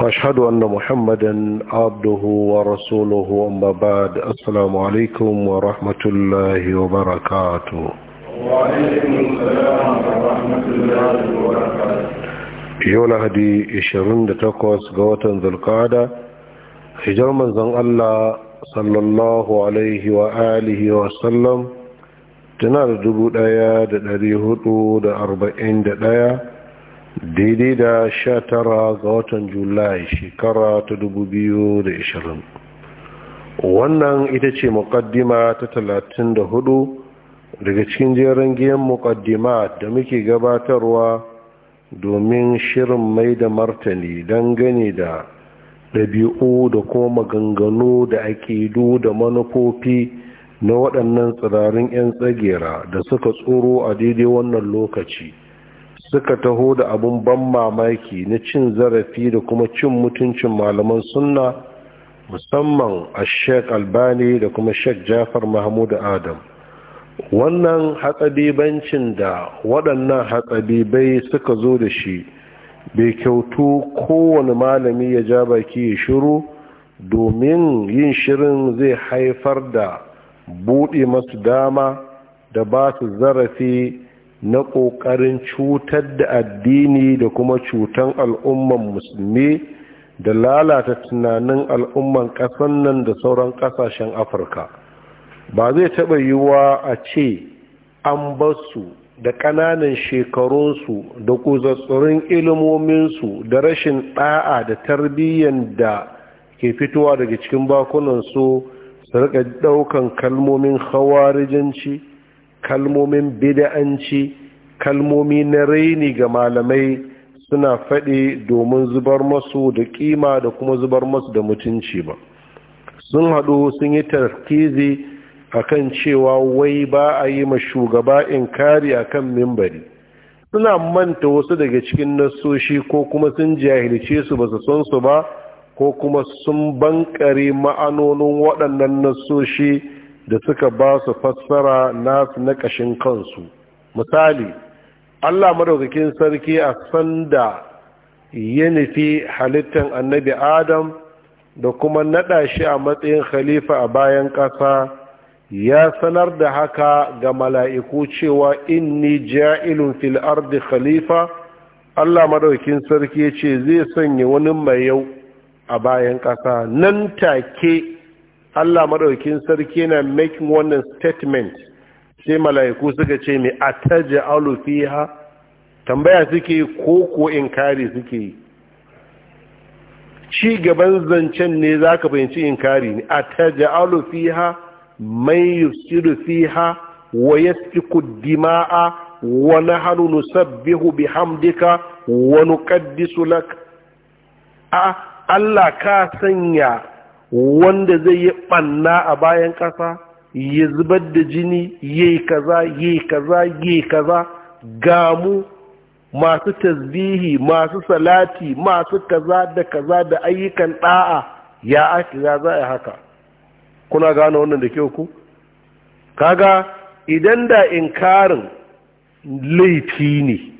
واشهد ان محمدا عبده ورسوله اما بعد السلام عليكم ورحمه الله وبركاته وعليكم السلام ورحمه الله وبركاته يوم الهدي 28 ga watan zulqa'ada hijar manzon Allah sallallahu alaihi wa alihi wa sallam tana da 1441 daidai da sha tara ga watan julai shekara ta dubu wannan ita ce muƙaddima ta talatin da hudu daga cikin jerin giyan muƙaddima da muke gabatarwa domin shirin mai da martani don gani da ɗabi'u da kuma maganganu da aƙidu da manufofi na waɗannan tsirarin 'yan tsagera da suka tsoro a daidai wannan lokaci suka taho da abin ban mamaki na cin zarafi da kuma cin mutuncin malaman sunna musamman a sheik albani da kuma sheik jafar mahmud adam wannan hatsabibancin da waɗannan hatsabibai suka zo da shi bai kyautu kowane malami ya ja baki ya shiru domin yin shirin zai haifar da buɗe masu dama da ba su zarafi na ƙoƙarin cutar da addini da kuma cutan al'umman musulmi da lalata tunanin al'umman ƙasan nan da sauran ƙasashen afirka ba zai taɓa yiwuwa a ce an basu da ƙananan shekarunsu da kuzatsurin ilimominsu da rashin ɗa'a da tarbiyyar da ke fitowa daga cikin bakunansu su rika ɗaukan kalmomin hawarijanci kalmomin bida'anci kalmomi na raini ga malamai suna faɗi domin zubar masu da kima da kuma zubar masu da mutunci ba sun haɗu sun yi tarkizi akan cewa wai ba a yi ma shugaba in a akan mimbari suna manta wasu daga cikin nasoshi ko kuma sun jahilce su ba su san su ba ko kuma sun bankare ma'anonin waɗannan nasoshi da suka ba su fassara nasu na ƙashin kansu misali allah madaukakin sarki a sanda ya nufi halittar annabi adam da kuma naɗa shi a matsayin khalifa a bayan ƙasa ya sanar da haka ga mala'iku cewa inni ja'ilun fil ardi khalifa allah madaukakin sarki ya ce zai sanya wani mai yau a bayan ƙasa nan take Allah madaukin sarki yana making wannan statement sai mala'iku suka ce mai ataja alufiha tambaya suke ko ko inkari suke yi ci gaban zancen ne za ka fahimci inkari ne ataja alufiha mai yusiru fiha wa ya yasfiku dima'a hannu sabbihu bi hamdika wani kaddisu lak a Allah ka sanya wanda zai yi ɓanna a bayan ƙasa ya zubar da jini yayi kaza yayi kaza yayi kaza gamu masu tasbihi masu salati masu kaza da kaza da ayyukan ɗa'a ya ake za a yi haka kuna gane wannan da kyau ku kaga idan da inkarin laifi ne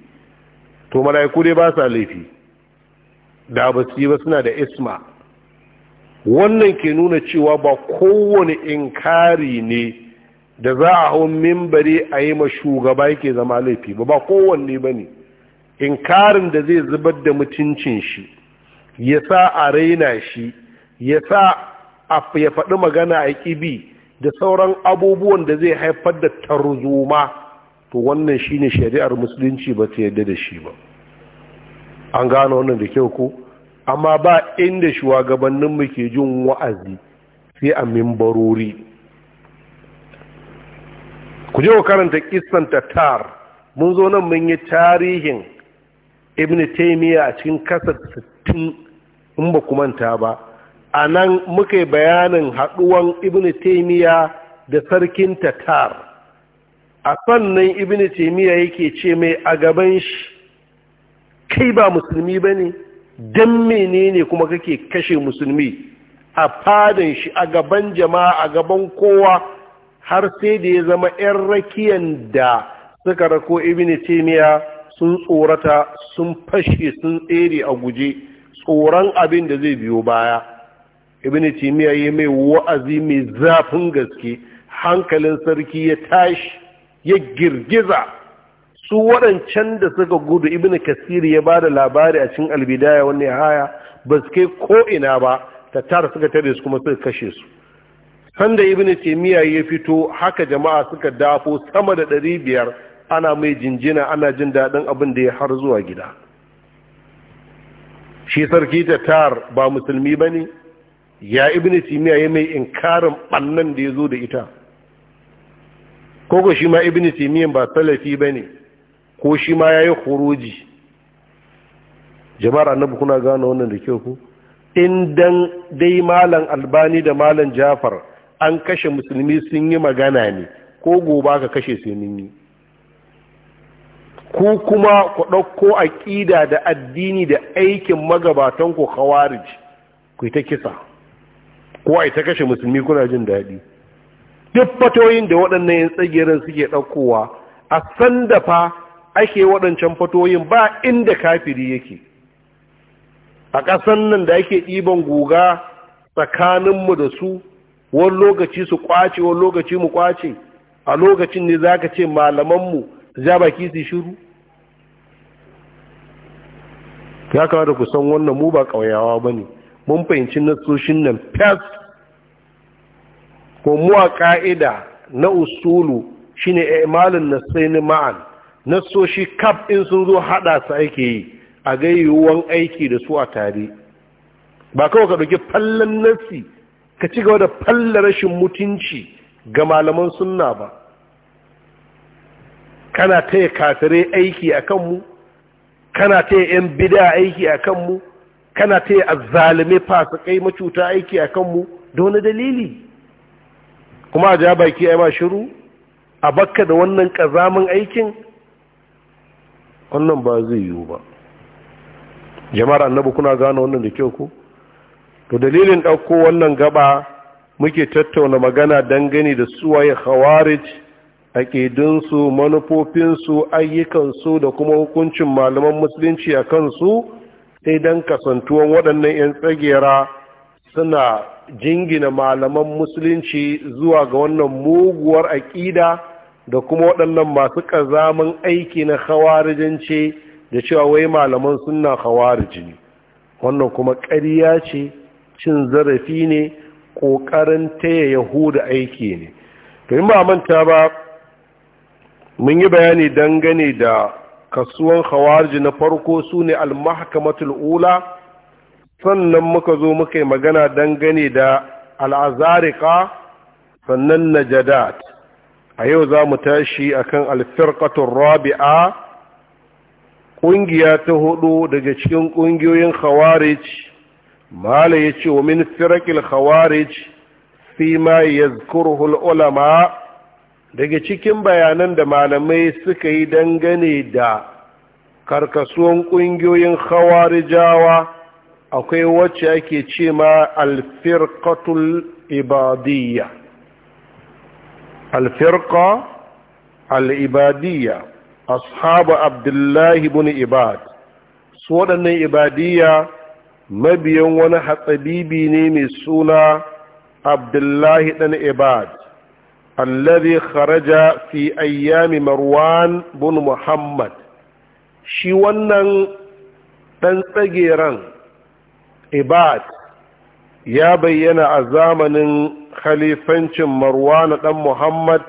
to mala'iku dai ba sa laifi da basu yi ba suna da isma wannan ke nuna cewa ba kowane inkari ne da za a hau mimbari a yi ma shugaba yake zama laifi ba ba kowanne ba ne inkarin da zai zubar da mutuncin shi ya sa a raina shi ya sa ya faɗi magana a ƙibi da sauran abubuwan da zai haifar da tarzoma to wannan shine shari'ar musulunci ba ta yadda da shi ba an gano wannan da kyau ko amma ba inda shugabanninmu ke jin wa'azi sai a mimbarori ku je ku karanta ta tatar mun zo nan mun yi tarihin ibn taymiya a cikin kasar 60 in ba manta ba a nan muka bayanin haɗuwan ibn taymiya da sarkin tatar a sannan ibn taymiya yake ce mai a gaban shi kai ba musulmi ba ne? don menene kuma kake kashe musulmi a fadan shi a gaban jama'a a gaban kowa har sai da ya zama 'yan rakiyan da suka rako ibini taimiya sun tsorata sun fashe sun tsere a guje tsoron abin da zai biyo baya ibini taimiya ya mai wa'azi mai zafin gaske hankalin sarki ya tashi ya girgiza su waɗancan da suka gudu ibn kasiri ya ba da labari a cikin albidaya wani haya ba su kai ko'ina ba ta tara suka tare su kuma suka kashe su sanda ibn taimiyya ya fito haka jama'a suka dafo sama da ɗari biyar ana mai jinjina ana jin daɗin abin da ya har zuwa gida shi sarki ta tar ba musulmi ba ne ya ibn taimiyya ya mai inkarin ɓannan da ya zo da ita koko shi ma ibn ba salafi ba ne ko shi ma ya yi huruji jama'ar annabi kuna gane wannan da kyau ku in dan dai malam albani da malam jafar an kashe musulmi sun yi magana ne ko gobe ka kashe su yi ko kuma ku ɗauko aƙida da addini da aikin magabatan ku khawarij ku ta kisa ko ai ta kashe musulmi kuna jin daɗi duk fatoyin da waɗannan yan tsagerin suke ɗaukowa a san da fa ake waɗancan fatoyin ba inda kafiri yake a ƙasan nan da ake ɗiban guga tsakaninmu da su wani lokaci su ƙwace wani lokaci mu ƙwace a lokacin ne za ka ce malamanmu za baki su shiru ya kamata ku san wannan mu ba ƙauyawa ba ne mun fahimci nasoshin nan fes ko mu a ƙa'ida na usulu shine imalin nasaini ma'an nassoshi kaf in sun zo hada su ake yi a gayyuwan aiki da su a tare ba kawai ka ɗauki fallon nassi ka ci gaba da falla rashin mutunci ga malaman sunna ba kana taya kasare aiki a kanmu kana taya 'yan bida aiki a kanmu kana taya azzalime fasikai macuta aiki a kanmu da wani dalili kuma a ja baki a yi ma shiru a bakka da wannan ƙazamin aikin wannan ba zai yiwu ba jama'ar annabi kuna gano wannan da kyau ku? to dalilin ɗauko wannan gaba muke tattauna magana dangane da suwaye khawarij ƙidinsu, manufofinsu ayyukansu da kuma hukuncin malaman musulunci a kansu sai don kasantuwan waɗannan 'yan tsagera suna jingina malaman musulunci zuwa ga wannan muguwar aƙida da kuma waɗannan masu ƙazamin aiki na hawarijance da cewa wai malaman suna hawariji ne wannan kuma ƙarya ce cin zarafi ne ƙoƙarin taya yahuda aiki ne to in ba manta ba mun yi bayani dangane da kasuwan hawariji na farko su ne ula sannan muka zo muka yi magana dangane da al'azarika sannan najadat a yau za mu tashi a kan alfirkatun rabi'a ƙungiya ta hudu daga cikin ƙungiyoyin khawarij mala ya ce wa min firakil khawarij fi ma yazkuruhu ulama daga cikin bayanan da malamai suka yi dangane da karkasuwan ƙungiyoyin khawarijawa akwai wacce ake ce ma alfirqatul ibadiyya alfirka al'ibadiyya ashabu abdullahi bin ibad su waɗannan ibadiyya mabiyan wani hatsabibi ne mai suna abdullahi ɗan ibad allazi kharaja fi ayyami marwan bin muhammad shi wannan ɗan tsageren ibad ya bayyana a zamanin khalifancin marwana ɗan muhammad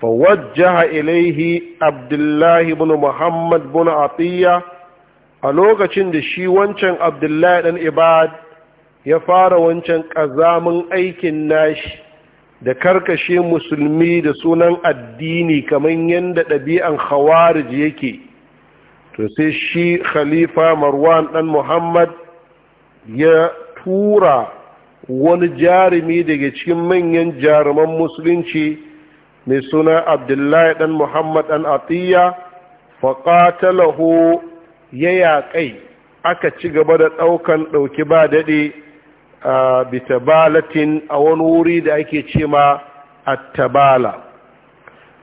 fawajjaha ilaihi abdullahi bin muhammad bin atiyya a lokacin da shi wancan abdullahi ɗan ibad ya fara wancan ƙazamin aikin nashi da karkashe musulmi da sunan addini kamar yadda ɗabi'an khawarij yake to sai shi khalifa marwan ɗan muhammad ya tura wani jarumi daga cikin manyan jaruman musulunci mai suna abdullahi ɗan muhammad dan atiyya faƙatalahu ya yaƙai aka ci gaba da ɗaukan ɗauki ba daɗe a bitabalatin a wani wuri da ake ce ma attabala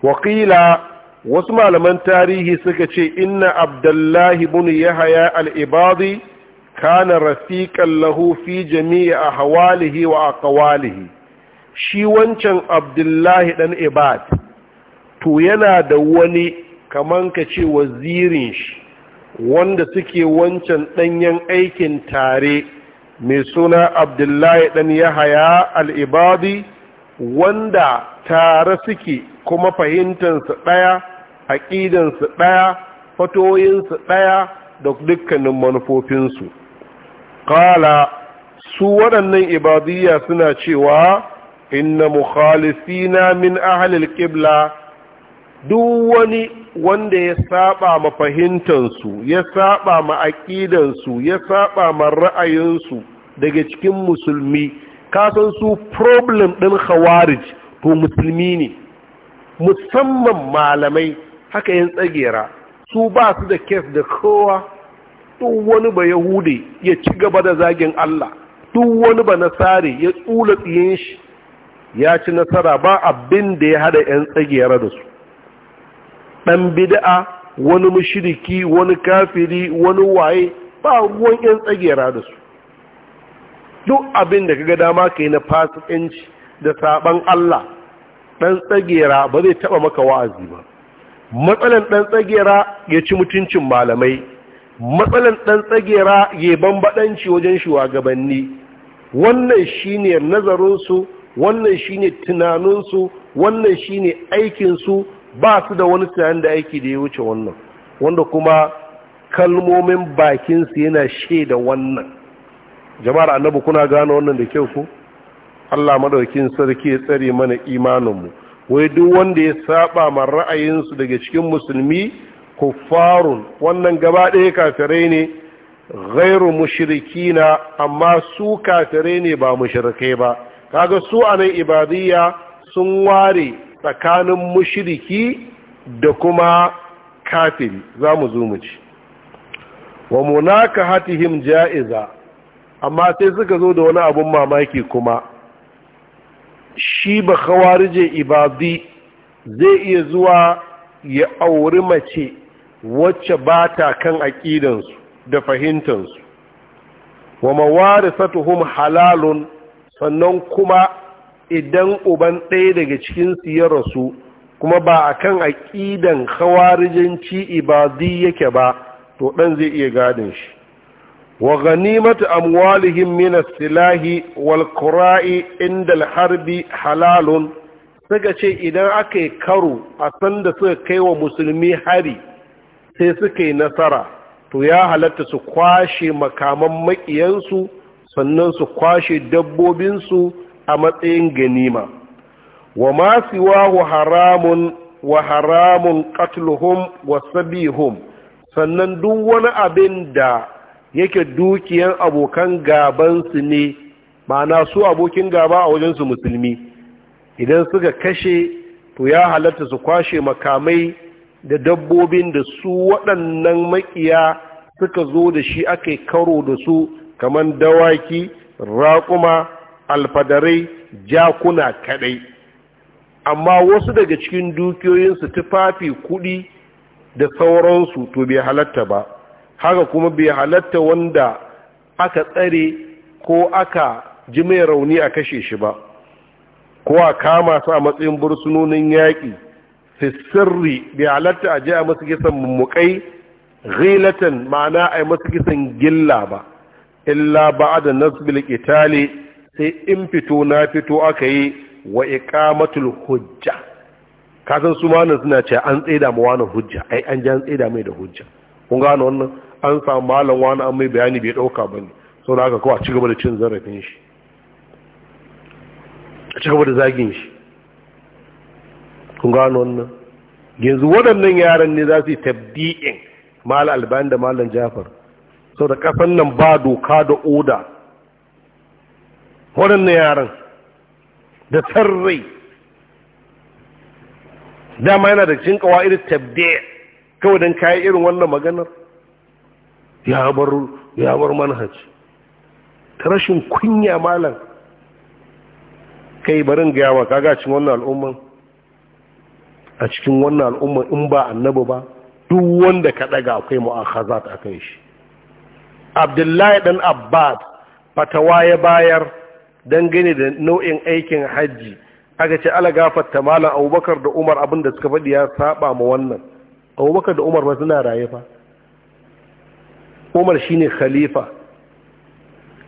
wakila wasu malaman tarihi suka ce inna abdullahi bin yahaya al-ibadi kana rafiqan lahu fi jami'i ahwalihi wa ƙawalihi shi wancan abdullahi dan ibad to yana da wani kaman ka ce wazirin shi wanda suke wancan ɗanyen aikin tare mai suna abdullahi dan yahaya al-ibadi wanda tare suke kuma fahimtansu ɗaya aƙidansu ɗaya fatoyinsu ɗaya da dukkanin manufofinsu qala su waɗannan ibadiyya suna cewa inna mukhalifina min ahlil qibla duk wani wanda ya saba ma fahimtansu ya saba ma aqidansu ya saba ma ra'ayinsu daga cikin musulmi kasan su problem din khawarij to musulmi ne musamman malamai haka yin tsagera su ba su da kes da kowa duk wani ba yahudi ya ci gaba da zagin Allah duk wani ba na tsari, ya tsula tsiyen shi ya ci nasara ba abin da ya hada yan tsagiyar da su Ɗan bida'a wani mashiriki wani kafiri wani waye ba ruwan yan tsagiyar da su duk abin da kaga dama ka yi na fasikanci da saban Allah ɗan tsagera ba zai taɓa maka wa'azi ba matsalan ɗan tsagera ya ci mutuncin malamai matsalan ɗan tsagera geban baɗanci wajen shugabanni wannan shine nazarinsu wannan shine tunaninsu wannan shine aikinsu ba su da wani tunanin da aiki da ya wuce wannan wanda kuma kalmomin bakinsu yana shaida wannan jama'ar annabi kuna gano wannan da kyau ku Allah madaukin sarki ya tsare mana imaninmu wai duk wanda ya saba ma ra'ayinsu daga cikin musulmi kuffarun wannan gaba ɗaya kafirai ne ghairu mushrikina amma su kafirai ne ba mushrikai ba kaga su a nan ibadiyya sun ware tsakanin mushriki da kuma kafiri za mu zo mu ci wa munaka hatihim ja'iza amma sai suka zo da wani abun mamaki kuma shi ba khawarije ibadi zai iya zuwa ya auri mace wacce ba ta kan aƙidansu da fahimtansu wa mawarisatuhum halalun sannan kuma idan uban ɗaya daga cikin ya rasu kuma ba a kan aƙidan hawarijanci ibadi yake ba to ɗan zai iya gadin shi wa ganimatu amwalihim min mina silahi wal kura'i inda harbi halalun suka ce idan aka yi karo a sanda suka kai wa musulmi hari sai suka yi nasara to ya halatta su kwashe makaman makiyansu sannan su kwashe dabbobinsu a matsayin ganima wa ma wa haramun wa haramun katluhum wa sabihum sannan duk wani abin da yake dukiyan abokan gabansu ne ma'ana su abokin gaba a wajensu musulmi idan suka kashe to ya halatta su kwashe makamai da dabbobin da su waɗannan makiya suka zo da shi aka karo da su kamar dawaki raƙuma alfadarai jakuna kaɗai amma wasu daga cikin dukiyoyinsu tufafi kuɗi da sauransu to bai halatta ba haka kuma bai halatta wanda aka tsare ko aka ji mai rauni a kashe shi ba ko a kama su a matsayin bursunonin yaƙi fi sirri bai alatta a je a masu kisan mummukai ghilatan ma'ana a masu kisan gilla ba illa ba a da nasbil qitali sai in fito na fito aka yi wa ikamatul hujja kasan su ma suna ce an tsaida ma wani hujja ai an ji an tsaida mai da hujja kun gano wannan an samu malam wani an mai bayani bai dauka ne. saboda haka kawai a ci gaba da cin zarafin shi a ci da zagin shi kun gano wannan yanzu waɗannan yaran ne za su yi tabbi'in mal albayan da malan jafar sau da ƙasan nan ba doka da oda waɗannan yaran da sarrai dama yana da cin kawa irin tabbi'in kawai don kayan irin wannan maganar ya bar manhaj ta rashin kunya malam kai barin gaya wa kaga cin wannan al'umman a cikin wannan al'umma in ba annabi ba duk wanda ka daga akwai mu'akhazat akan shi abdullahi dan abbad fatawa ya bayar dangane da nau'in aikin hajji aka ce ala gafarta malam abubakar da umar abin da suka faɗi ya saba ma wannan abubakar da umar ba suna raye fa umar shine khalifa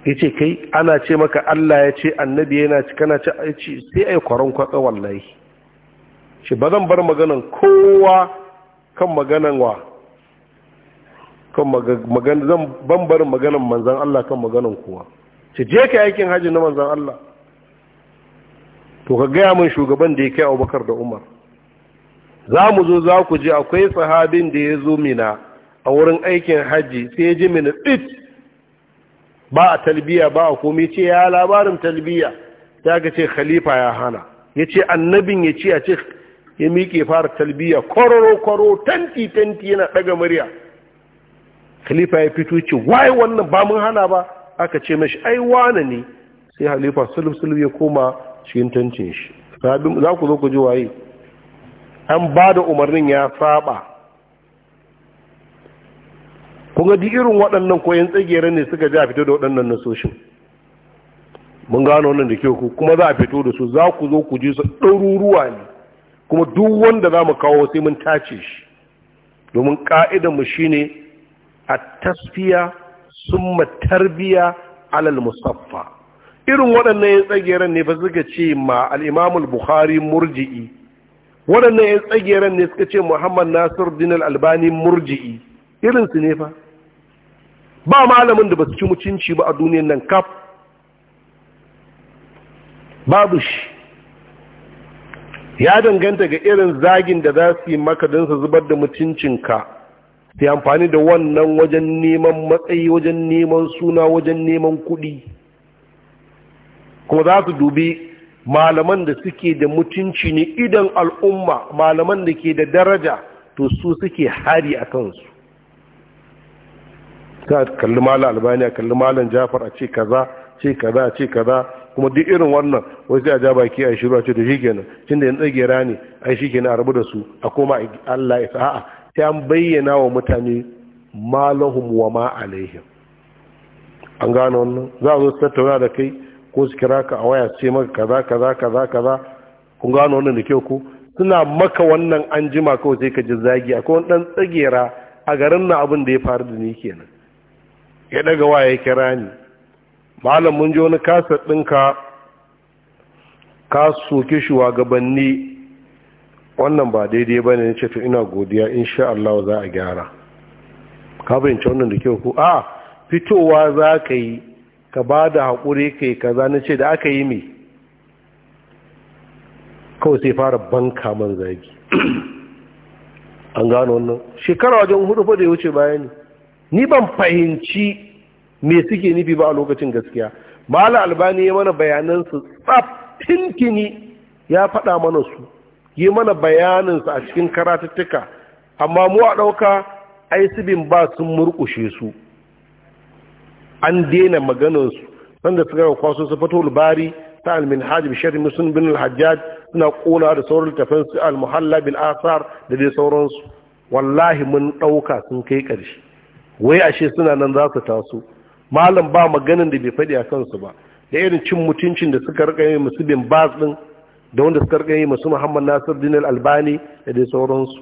ya ce kai ana ce maka allah ya ce annabi yana ci kana ci sai ai kwaron kwatsa wallahi shi ba zan bar maganan kowa kan maganan wa kan zan ban bar maganan manzan Allah kan maganan kowa ce je ka aikin hajji na manzan Allah to ka gaya min shugaban da ya kai Abubakar da Umar za mu zo za ku je akwai sahabin da ya zo mina a wurin aikin hajji sai ya ji mina tsit ba a talbiya ba a komai ce ya labarin talbiya ya ga ce khalifa ya hana ya ce annabin ya ce a ce ya miƙe fara talbiya kwararo kwaro tanti tanti yana ɗaga murya khalifa ya fito ce waye wannan ba mun hana ba aka ce mashi ai wane ne sai halifa sulub ya koma cikin tantin shi za ku zo ku ji waye an ba da umarnin ya saba kuma ga irin waɗannan koyon tsagiyar ne suka ja a fito da waɗannan nasoshin mun gano wannan da kyau kuma za a fito da su za ku zo ku ji su ɗaruruwa ne kuma duk wanda za mu kawo sai mun tace shi domin mu shine a tasfiya summa tarbiya alal musaffa irin waɗannan ya tsageren ne fa suka ce ma al'imamul bukhari murji'i waɗannan ya tsageren ne suka ce muhammad nasir dinar albani murji'i irinsu ne fa ba malamin da ba su ci mutunci ba a duniyan nan kaf babu shi ya danganta ga irin zagin da za su yi maka don su zubar da mutuncinka su yi amfani da wannan wajen neman matsayi wajen neman suna wajen neman kuɗi kuma za su dubi malaman da suke da mutunci ne idan al'umma malaman da ke da daraja to su suke hari a kansu ka kalli malam albani a kalli malam jafar a ce kaza ce kaza ce kaza kuma duk irin wannan wai sai a ja baki a shiru a ce to shikenan tunda yan tsagera ne ai kenan a rabu da su a koma Allah ya sa'a sai an bayyana wa mutane ma lahum wa ma an gano wannan za a zo su tattauna da kai ko su kira ka a waya su ce maka kaza kaza kaza kaza kun gano wannan da kyau ko suna maka wannan an jima kawai sai ka ji zagi akwai wani dan tsagera a garin na abin da ya faru da ni kenan ya ɗaga waya ya kira ni malam mun ji wani kasar ɗinka ka soke gabanni, wannan ba daidai ba ne na ce to ina godiya in sha Allah za a gyara ka fahimci wannan da kyau ko a fitowa za ka yi ka ba da haƙuri kai kaza na ce da aka yi mai kawai sai fara banka man zagi an gano wannan shekara wajen hudu fa da ya wuce bayani ni ban fahimci me suke nufi ba a lokacin gaskiya mala albani ya mana bayanansu tsaf tintini ya faɗa mana su yi mana bayaninsu a cikin karatuttuka amma mu a ɗauka ai sibin ba sun murƙushe su an daina maganansu sanda suka ga kwaso su fito bari ta almin hajji bishari musulun bin alhajjaj suna ƙona da sauran tafin su almuhalla bil asar da dai sauransu wallahi mun ɗauka sun kai ƙarshe wai ashe suna nan za su taso malam ba maganin da bai faɗi a kansu ba da irin cin mutuncin da suka rika yi musu bin bas da wanda suka rika yi musu muhammad nasir dinar albani da dai sauransu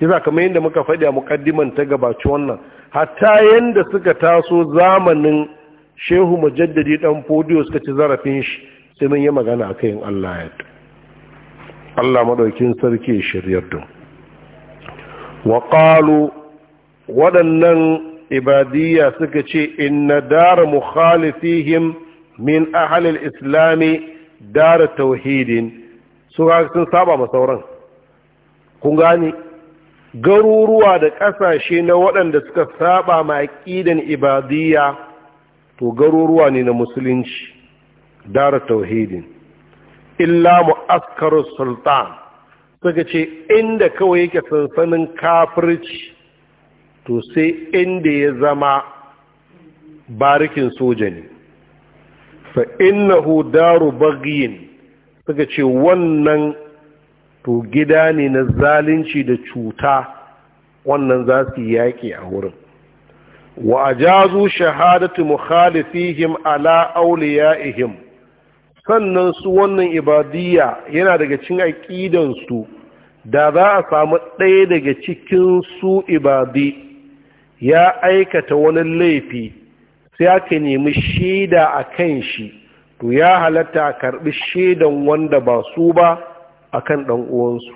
yasa kamar yadda muka faɗi a mukaddiman ta gabaci wannan hatta yadda suka taso zamanin shehu mujaddadi dan fodiyo suka ci zarafin shi sai mun yi magana a kayan allah ya allah maɗaukin sarki shiryar dun waƙalu waɗannan ibadiyya suka ce inna dara mukhalifihim min ahalil islami dara tauhidin su sun saba ma sauran kun gani garuruwa da ƙasashe na waɗanda suka saba ma aƙidan ibadiyya to garuruwa ne na musulunci dara tauhidin illa mu'askar sultan suka ce inda kawai yake sansanin kafirci to sai inda ya zama barikin soja ne fa innahu daru suka ce wannan to gida ne na zalunci da cuta wannan za su yaƙi a wurin wa ajazu shahadatu mukhalifihim ala awliyaihim sannan su wannan ibadiyya yana daga cikin aqidansu da za a samu ɗaya daga cikin su ibadi ya aikata wani laifi sai aka nemi shaida a kan shi to ya halatta a karɓi shaidan wanda ba su ba a kan ɗan'uwansu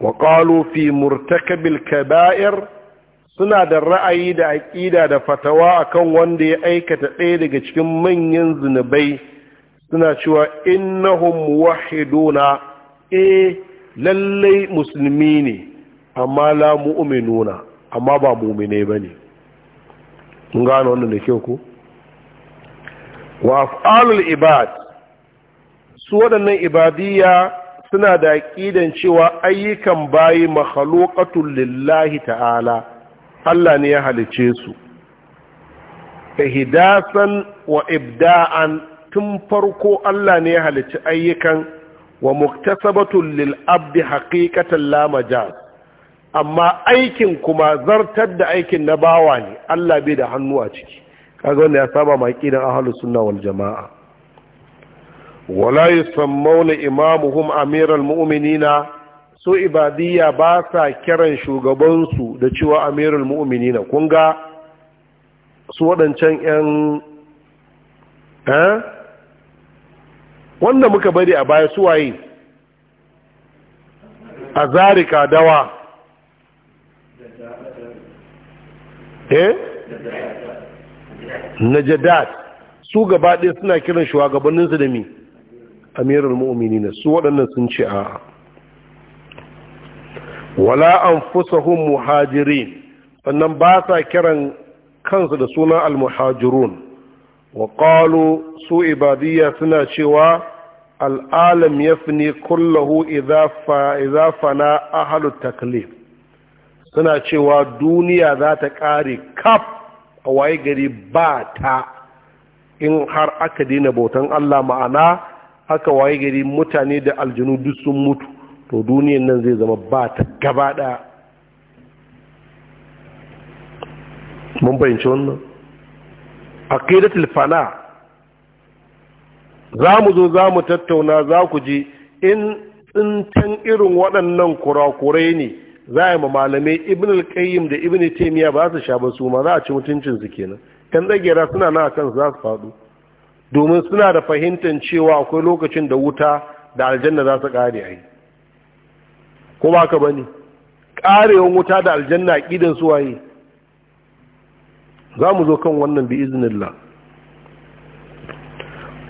wa fi murtakabil kaba'ir suna da ra'ayi da aƙida da fatawa akan wanda ya aikata ɗaya daga cikin manyan zunubai suna cewa innahum wahiduna eh lallai musulmi ne amma la mu'minuna amma ba mumine ba ne mun gano wannan da kyau ku? wa af'alul ibad su waɗannan ibadiyya suna da ƙidan cewa ayyukan bayi makhluqatul lillahi ta'ala Allah ne ya halice su ihdasan wa ibda'an tun farko Allah ne ya halici ayyukan wa muktasabatul lil abdi haqiqatan la majaz amma aikin kuma zartar da aikin na bawa ne Allah bai da hannu a ciki kaga wanda ya saba ma aqidan ahlus sunna wal jamaa wala yusammuna imamuhum amiral mu'minina so ibadiyya ba sa kiran shugabansu da cewa amiral mu'minina kun ga su wadancan 'yan eh? wanda muka bari a baya suwaye a azarika dawa eh najadat su gaba ɗaya suna kiran shugabanninsu da mi amirul mu'minin su waɗannan sun ce a wala anfusahum muhajirin sannan ba sa kiran kansu da sunan almuhajirun wa qalu su ibadiyya suna cewa al'alam yafni kullahu idza fa idza fana ahlut taklif suna cewa duniya za ta ƙare kaf a waye gari ba ta in har aka daina bautan Allah ma'ana aka waye gari mutane da aljanu duk sun mutu to duniyan nan zai zama ba ta gaba ɗaya mun bayyance wannan aqidatul fana za mu zo za mu tattauna za ku ji in tsintan irin waɗannan kurakurai ne za a yi ma malamai ibn al da ibn taymiya ba su sha ba su ma za a ci mutuncin su kenan kan tsagera suna nan akan za su faɗo domin suna da fahimtar cewa akwai lokacin da wuta da aljanna za su kare ai ko ba ka bane karewan wuta da aljanna a su waye za mu zo kan wannan bi iznillah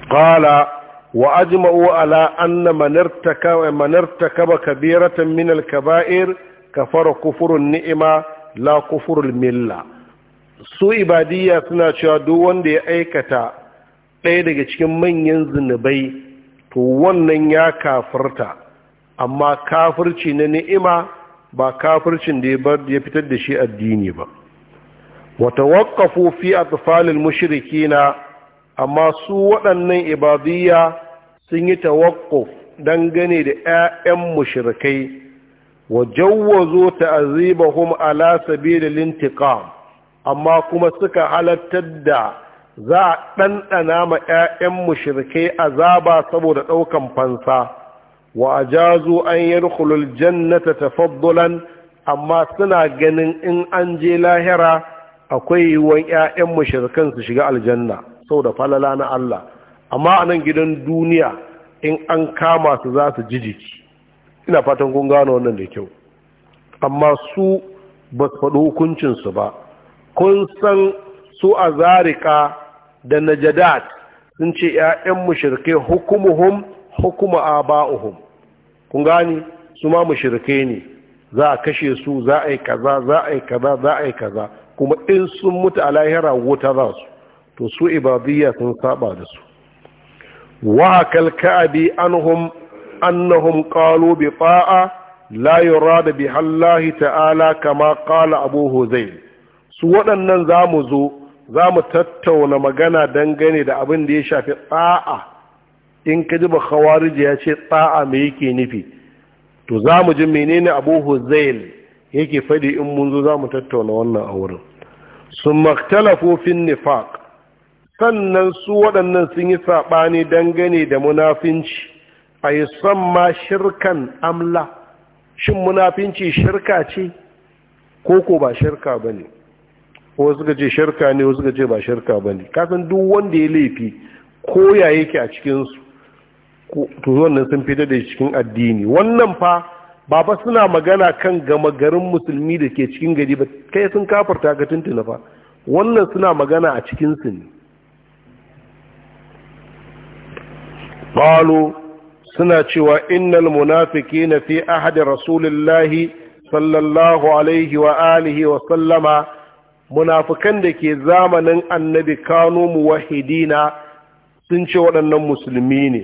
qala وأجمعوا على أن من ارتكب, من Kabiratan kafara kufurun ni'ima la kufurul milla su ibadiyya suna cewa duk wanda ya aikata ɗaya daga cikin manyan zunubai to wannan ya kafirta amma kafirci na ni'ima ba kafircin da ya ya fitar da shi addini ba wata waƙafu fi a tufalin mushiriki na amma su waɗannan ibadiyya sun yi don dangane da 'ya'yan mushirikai wa jawwazo ta'zibahum ala sabilil intiqam amma kuma suka halattar da za a ɗanɗana ma 'ya'yan mushrikai azaba saboda ɗaukan fansa wa ajazu an yadkhulul jannata tafaddulan amma suna ganin in an je lahira akwai yiwuwan 'ya'yan mushrikan su shiga aljanna saboda falala na Allah amma a nan gidan duniya in an kama su za su ji jiki ina fatan kun gano wannan da kyau amma su ba su faɗi hukuncinsu ba kun san su a zarika da najadat sun ce ‘ya'yan mushirke hukumuhum hukuma a ba'uhum kun gani su ma mushirke ne za a kashe su za a yi kaza za a yi kaza za a yi kaza kuma in sun mutu a lahira wuta za su to su ibadiyya sun saba da su wa kalka'abi anhum annahum qalu bi ta'a la yurada bi Allah ta'ala kama qala Abu Huzayl su waɗannan zamu zo zamu tattauna magana dangane da abin da ya shafi ta'a in ka ji ba khawarij ce ta'a me yake nufi to zamu ji menene Abu Huzayl yake faɗi in mun zo zamu tattauna wannan a wurin sun maktalafu fin sannan su waɗannan sun yi saɓani dangane da munafunci. a yi ma shirkan amla shin munafinci shirka ce ko ko ba shirka ba ne wasu gaje shirka ne wasu gaje ba shirka ba ne kasan duk wanda ya laifi ko ya yake a cikinsu to wannan sun fita da cikin addini wannan fa baba suna magana kan gama garin musulmi da ke cikin gari ba kai sun kafarta ga tuntuna fa wannan suna magana a cikinsu ne قالوا suna cewa innal na fi ahadi rasulillahi sallallahu alaihi wa alihi wa sallama munafikan da ke zamanin annabi kanu muwahidina sun ce waɗannan musulmi ne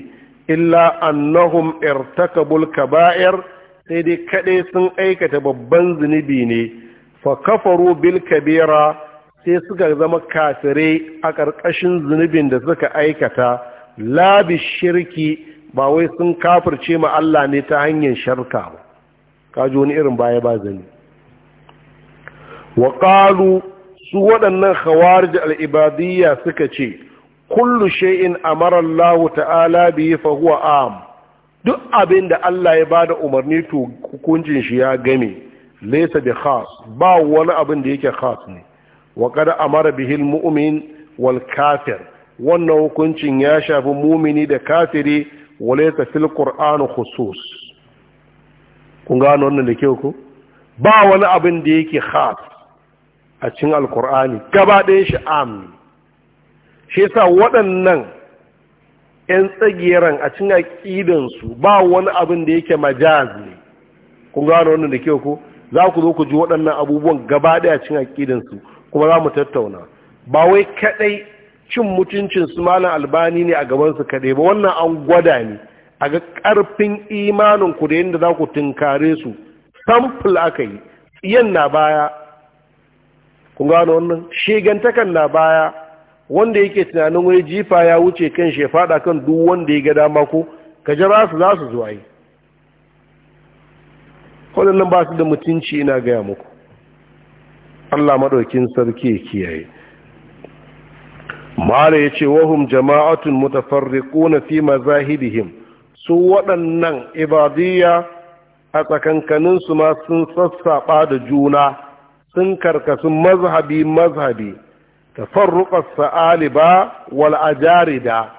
illa annahum irtakabul kaba'ir sai dai kaɗai sun aikata babban zunubi ne fa kafaru bil kabira sai suka zama kafirai a ƙarƙashin zunubin da suka aikata labi shirki ba wai sun kafirce ma Allah ne ta hanyar sharka ba kaji wani irin baya ba zani wa qalu su waɗannan hawar al-ibadiyya suka ce kullu shay'in marar lahu ta'ala biyu fahuwa am duk abin da Allah ya bada umarni to hukuncin shi ya game laysa da khas ba wani abin da yake khas ne wa kada a mumin wal kafir wannan hukuncin ya shafi mumini da kafiri walaysa fil qur'an khusus kun gano wannan da kyau ko ba wani abin da yake khas a cikin alqur'ani gaba ɗaya shi am shi yasa waɗannan ƴan tsagiran a cikin aqidansu ba wani abin da yake majaz ne kun gano wannan da kyau ko za ku zo ku ji waɗannan abubuwan gaba ɗaya cikin aqidansu kuma za mu tattauna ba wai kaɗai cin mutuncin su malam albani ne a gabansu kaɗai ba wannan an gwada ne a ga ƙarfin imanin ku da yadda za ku tunkare su sample aka yi yan na baya kun gano wannan shegantakan na baya wanda yake tunanin wani jifa ya wuce kan shi ya faɗa kan duk wanda ya ga dama ko ka jira su za su zuwa yi waɗannan ba su da mutunci ina gaya muku Allah maɗaukin sarki ya kiyaye mala ya ce wahum jama'atun mutafarriquna fi mazahibihim su waɗannan ibadiyya a tsakankaninsu ma sun sassaɓa da juna sun karkasu mazhabi mazhabi tafarruƙar sa'aliba wal ajarida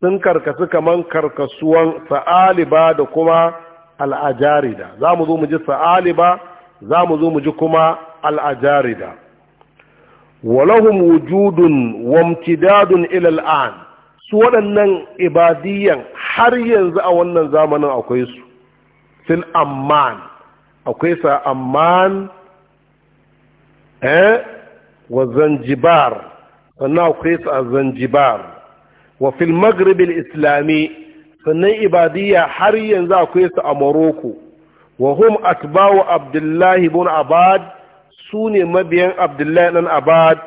sun karkasu kaman karkasuwan sa'aliba da kuma al ajarida mu zo mu ji sa'aliba mu zo mu ji kuma al ajarida walahum wujudun wamtidadun ila al'an su waɗannan ibadiyan har yanzu a wannan zamanin akwai su fil amman akwai sa amman eh wa zanjibar sannan akwai sa a zanjibar wa fil maghrib islami sannan ibadiyya har yanzu akwai su a morocco wa hum atba'u abdullahi ibn abad su ne mabiyan abdullahi ɗan abad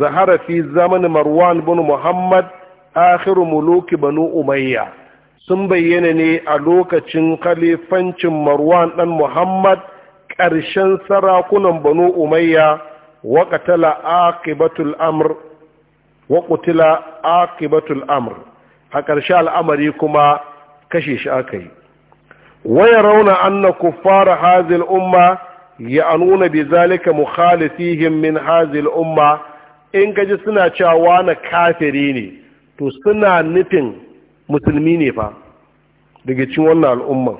zahara fi zamanin marwan bin muhammad akhiru muluki banu umayya sun bayyana ne a lokacin khalifancin marwan ɗan muhammad ƙarshen sarakunan banu umayya waƙatala akibatul amr aqibatul amr a ƙarshe al'amari kuma kashe shi aka yi waya rauna anna kuffara hazil umma ya'nuna bi zalika mukhalifihim min hazil umma in gaji suna cewa wani kafiri ne to suna nufin musulmi ne fa daga cikin wannan al'umman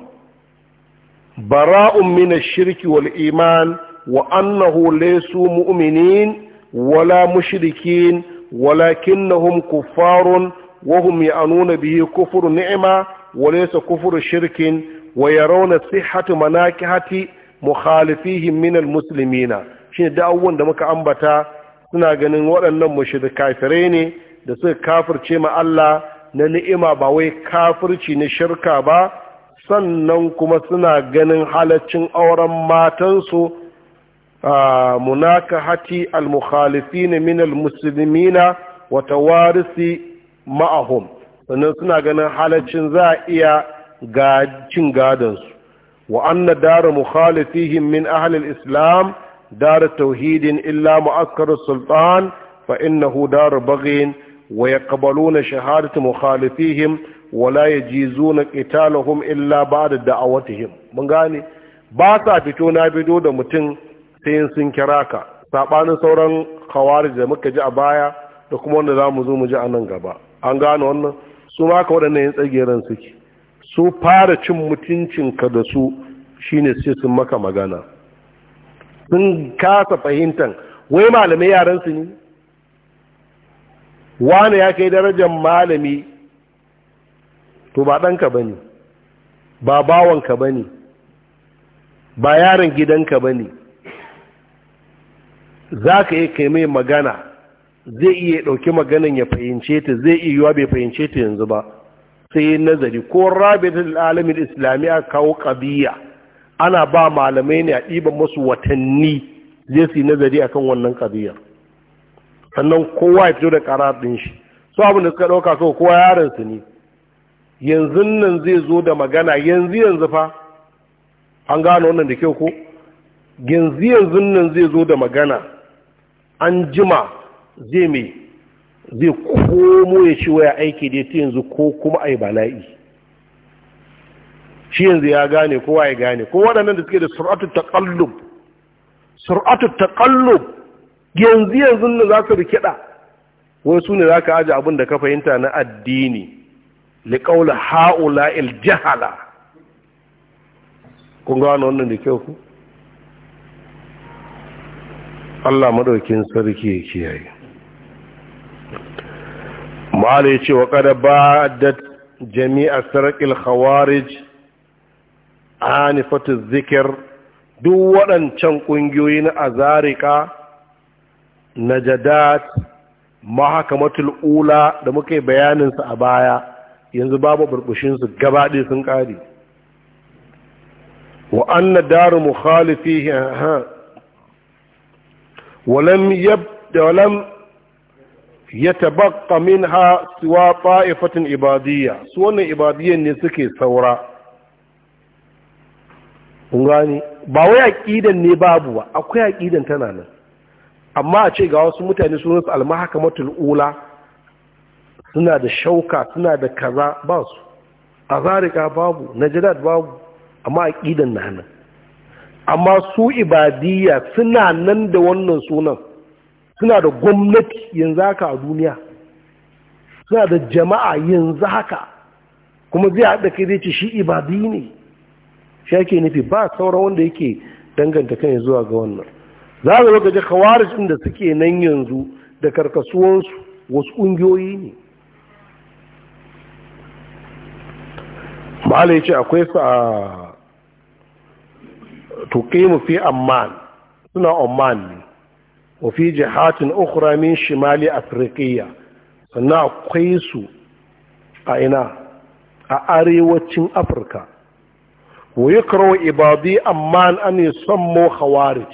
bara'un min ash-shirki wal iman wa annahu laysu mu'minin wala mushrikin walakinnahum kuffarun wa hum ya'nuna bihi kufru ni'ma wa laysa kufru shirkin wa yarawna sihhatu manakihati mukhalifihim minal muslimina shine da abubuwan da muka ambata suna ganin waɗannan mushrik kafire ne da suka kafirce ma Allah na ni'ima ba wai kafirci na shirka ba sannan kuma suna ganin halaccin auren matansu munaka hati al-mukhalifina minal muslimina wa tawarisi ma'ahum sannan suna ganin halaccin za iya cin gadansu wa anna dara mukhalifihim min ahli islam dara tauhidin illa mu'askar sultan fa innahu daru baghin wa yaqbaluna shahadatu mukhalifihim wa la yajizuna qitalahum illa ba'da dawatihim mun gane ba sa fito na bido da mutum sai sun kira ka sabanin sauran khawarij da muka ji a baya da kuma wanda zamu zo mu ji a nan gaba an gane wannan su ma ka waɗannan yin tsageren suke su fara cin mutuncinka da su shine sai sun maka magana sun kasa fahimtar wai malamai yaransu ne Wani ya kai darajar malami to ba ɗanka ba ne ba bawanka ba ne ba yaron gidanka ba ne za ka yi kai mai magana zai iya ɗauki maganan ya fahimce ta zai iya yiwa bai fahimce ta yanzu ba sai nazari ko rabitul alamin islami a kawo ƙabiya ana ba malamai ne a ɗiba masu watanni zai su yi nazari akan wannan ƙabiyar sannan kowa ya fito da ƙarar ɗin shi su abin da suka ɗauka kawai kowa yaran su ne yanzu nan zai zo da magana yanzu yanzu fa an gano wannan da kyau ko yanzu yanzu nan zai zo da magana an jima zai mai zai komo ya ci waya aiki da ta yanzu ko kuma yi bala'i shi yanzu ya gane kowa ya gane ko waɗannan da suke da sur'atu taqallub sur'atu taqallub yanzu yanzu ne za su rikida wai su ne za ka aji abin da ka fahimta na addini liƙaula ha'ula il jahala kun gano wannan da kyau ku Allah madaukin sarki ya kiyaye mala ya ce wa kada ba da jami'a sarakil khawarij anifatu zikir duk waɗancan ƙungiyoyi na azarika najadat mahakamatul ula da muka yi bayaninsu a baya yanzu babu burbushinsu gabaɗe sun ƙari wa anna daru mukhalifihi ha walam ya tabakka min ha siwa ta'ifatin ibadiyya su wannan ibadiyyar ne suke saura gani ba wai aƙidan ne babu ba akwai aƙidan tana nan amma a ce ga wasu mutane sun rasu almahakamatul ula suna da shauka suna da kaza ba su azarika babu na najadat babu amma aƙidan na nan amma su ibadiyya suna nan da wannan sunan suna da gwamnati yanzu haka a duniya suna da jama'a yanzu haka kuma zai haɗa kai zai ce shi ibadi ne shi ake nufi ba sauran wanda yake danganta kan zuwa ga wannan za a lokaci khawarij da suke nan yanzu da karkasuwansu wasu ƙungiyoyi ne ma'ala ya ce akwai su a tuƙe fi amman suna amman ne وفي جهات أخرى من شمال أفريقيا أنا كويس أين أري واتين أفريقيا ويقرأ إبادي أمان أن يسمو خوارج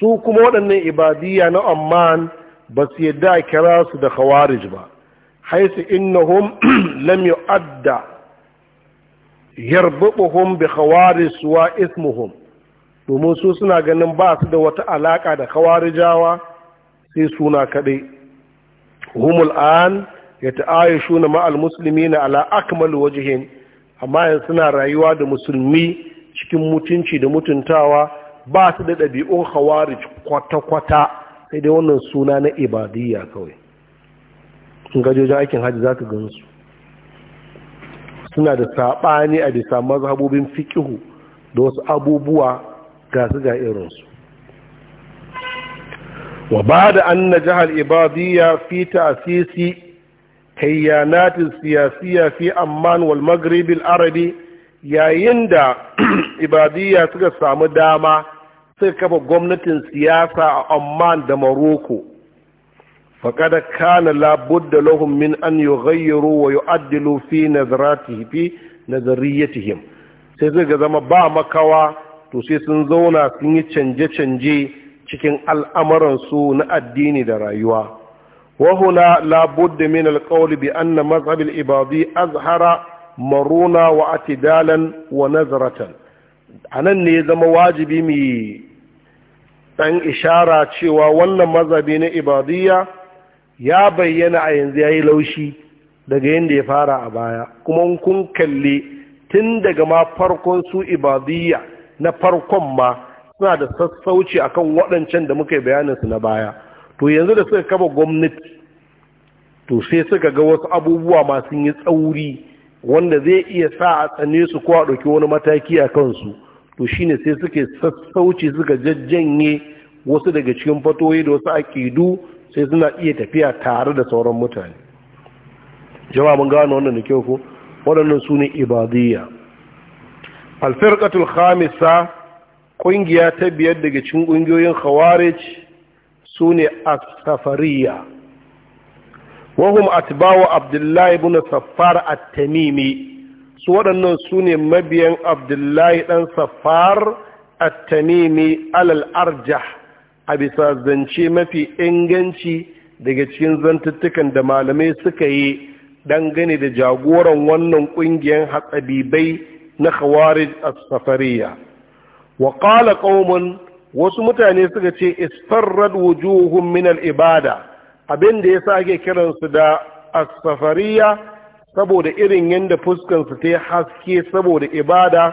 سوكم أن إبادي أنا أمان بس يدعي كراس دا خوارج با حيث إنهم لم يؤدى يربطهم بخوارج سوى domin su suna ganin ba su da wata alaka da kawarijawa sai suna kaɗai humul an ya ta'ayashu shuna ma'al musulmi na ala akmal wajihin amma yanzu suna rayuwa da musulmi cikin mutunci da mutuntawa ba su da ɗabi'un khawarij kwata-kwata sai dai wannan suna na ibadiyya kawai sun gajojin aikin hajji za ka gansu suna da saɓani a bisa mazhabobin fiƙihu da wasu abubuwa ga su ga irinsu wa ba da an na jihar ibadiyya fi ta'asisi kayyanatin siyasiya fi amman wal maghribil arabi yayin da ibadiyya suka samu dama suka kafa gwamnatin siyasa a amman da maroko فقد كان لابد لهم من أن يغيروا ويعدلوا في نظراتهم في نظريتهم sai zai ga zama ba makawa to sai sun zauna sun yi canje-canje cikin al'amuransu na addini da rayuwa wahuna labudda min alƙawli bi anna mazhabil al-ibadi azhara maruna wa atidalan wa nazaratan A nan ne zama wajibi mi ɗan ishara cewa wannan mazhabi na ibadiyya ya bayyana a yanzu ya yi laushi daga yanda ya fara a baya kuma kun kalli tun daga ma farkon su ibadiyya na farkon ma suna da sassauci akan waɗancan da muka yi su na baya to yanzu da suka kafa gwamnati to sai suka ga wasu abubuwa masu yi tsauri wanda zai iya sa a tsane su ko a ɗauki wani mataki a kansu to shi ne sai suke sassauci suka jajjanye wasu daga cikin fatoyi da wasu aƙidu sai suna iya tafiya tare da sauran mutane jama'a mun gano wannan da kyau ko waɗannan su ne ibadiyya alfirƙatul khamisa ƙungiya ta biyar daga cikin ƙungiyoyin khawarij sune as-safariya wahum atba'u abdullahi ibn safar at-tamimi su waɗannan sune mabiyan abdullahi ɗan safar at-tamimi alal arjah a bisa zance mafi inganci daga cikin zantuttukan da malamai suka yi dangane da jagoran wannan ƙungiyar hatsabibai na khawarij as-safariya wa ƙaumin wasu mutane suka ce isfarrad wujuhun min al-ibada abin da ya sake kiransu da as-safariya saboda irin yanda fuskarsa ta haske saboda ibada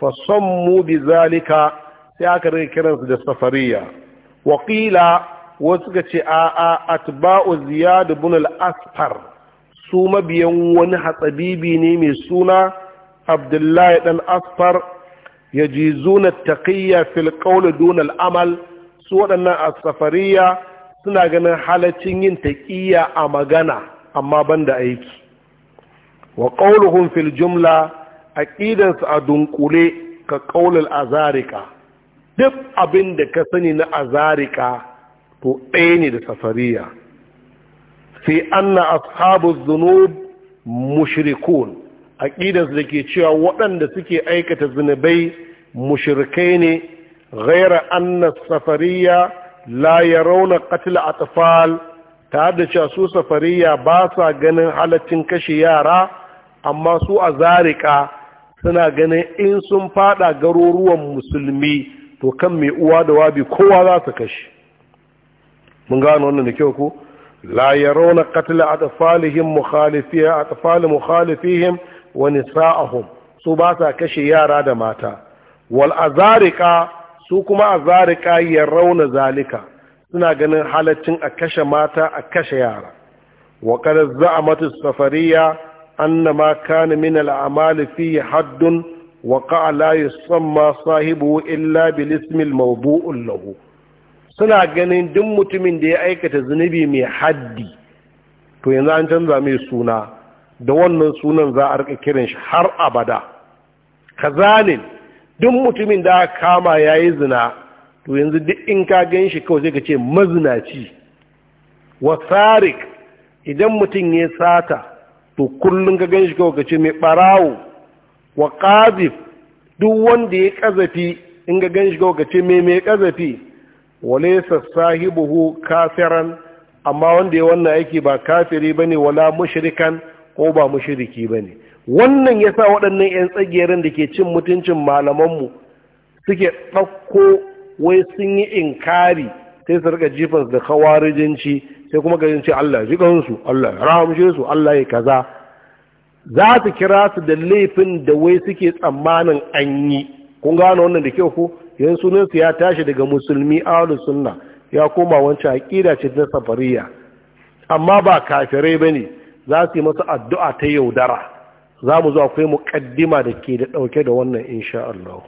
fa sammu bi zalika sai aka kiransu da safariya waƙila wasu suka ce a'a atba'u ziyad ibn al-asfar su mabiyan wani hatsabibi ne mai suna abdullahi dan asfar ya ji zuna taƙiyya fil ƙaunar dunal amal su waɗannan asafariya suna ganin halacin yin taƙiyya a magana amma ban da aiki wa ƙaunuhun fil jumla ƙidansu a dunkule ka ƙaunar azarika duk abin da ka sani na azarika to ɗaya ne da safariya fi anna ashabu zunub mushrikun aqidarsu da ke cewa waɗanda suke aikata zunubai mushrikai ne ghaira anna safariya la yarawna qatl atfal ta da cewa su safariya ba sa ganin halaccin kashe yara amma su a zarika suna ganin in sun fada garuruwan musulmi to kan mai uwa da wabi kowa za su kashe mun gano wannan da kyau ko la yarawna qatl atfalihim mukhalifiya atfal mukhalifihim wa nisa'ahum su ba sa kashe yara da mata wal azarika su kuma azarika rauna zalika suna ganin halaccin a kashe mata a kashe yara wa qad za'amatu safariya annama kana min al a'mali fi haddun wa qa'a yusamma sahibu illa bil ismi mawdu'u lahu suna ganin duk mutumin da ya aikata zunubi mai haddi to yanzu an canza mai suna da wannan sunan za a rika kiran shi har abada kazanin duk mutumin da aka kama yayi zina to yanzu duk in ka gan shi kawai sai ka ce mazinaci wa tsarik idan mutum ya sata to kullum ka gan shi kawai ka ce mai barawo wa qadif duk wanda ya kazafi in ka gan shi kawai ka ce mai mai kazafi walaysa sahibuhu kafiran amma wanda ya wannan aiki ba kafiri bane wala mushrikan ko ba ba ne. wannan ya sa waɗannan 'yan tsagerin da ke cin mutuncin malamanmu suke ɗauko wai sun yi inkari sai su rika jifan da kawarijinci sai kuma gajin ce Allah ji Allah ya rahamshe su Allah ya kaza za su kira su da laifin da wai suke tsammanin an yi kun gano wannan da kyau ko yan sunansu ya tashi daga musulmi ahlus sunna ya koma wancan aqida ce ta safariya amma ba kafirai bane za su yi masa addu'a ta yaudara za mu zo akwai muƙaddima da ke da ɗauke da wannan insha Allah